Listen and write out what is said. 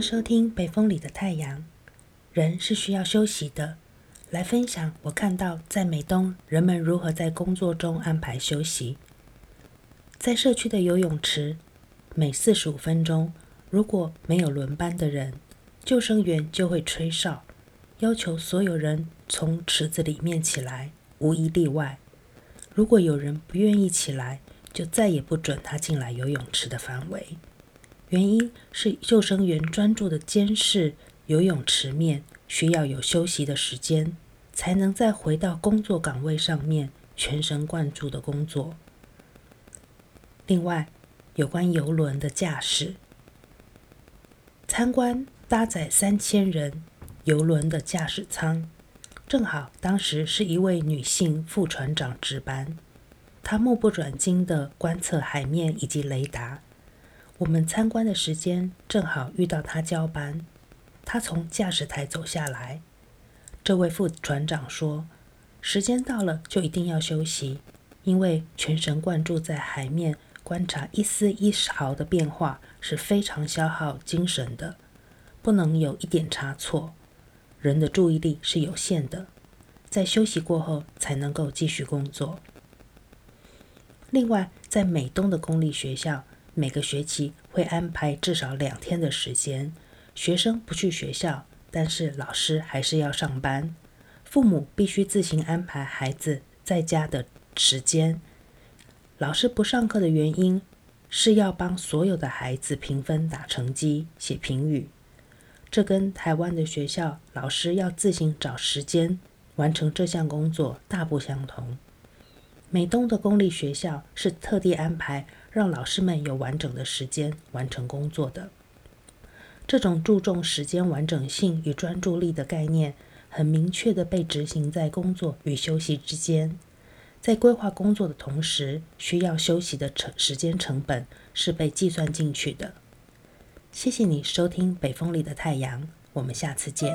收聽北風裡的太陽。人是需要休息的。來分享我看到在美東人們如何在工作中安排休息。在社區的游泳池，每四十五分鐘，如果沒有輪班的人，救生員就會吹哨，要求所有人從池子裡面起來，無一例外。如果有人不願意起來，就再也不准他進來游泳池的範圍。原因是救生員專注的監視游泳池面，需要有休息的時間，才能再回到工作崗位上面全神貫注的工作。另外，有關郵輪的駕駛，參觀搭載三千人郵輪的駕駛艙，正好當時是一位女性副船長值班，她目不轉睛的觀測海面以及雷達。我們參觀的時間正好遇到他交班。他從駕駛台走下來。這位副船長說：“時間到了就一定要休息，因為全神貫注在海面觀察一絲一毫的變化是非常消耗精神的，不能有一點差錯。人的注意力是有限的，在休息過後才能夠繼續工作。”另外，在美東的公立學校。每個學期會安排至少兩天的時間，學生不去學校，但是老師還是要上班，父母必須自行安排孩子在家的時間。老師不上課的原因是要幫所有的孩子評分、打成績、寫評語，這跟台灣的學校老師要自行找時間完成這項工作大不相同。美東的公立學校是特地安排讓老師們有完整的時間完成工作的。這種注重時間完整性與專注力的概念，很明確地被執行在工作與休息之間。在規劃工作的同時，需要休息的成時間成本是被計算進去的。謝謝你收聽《北風裡的太陽》，我們下次見。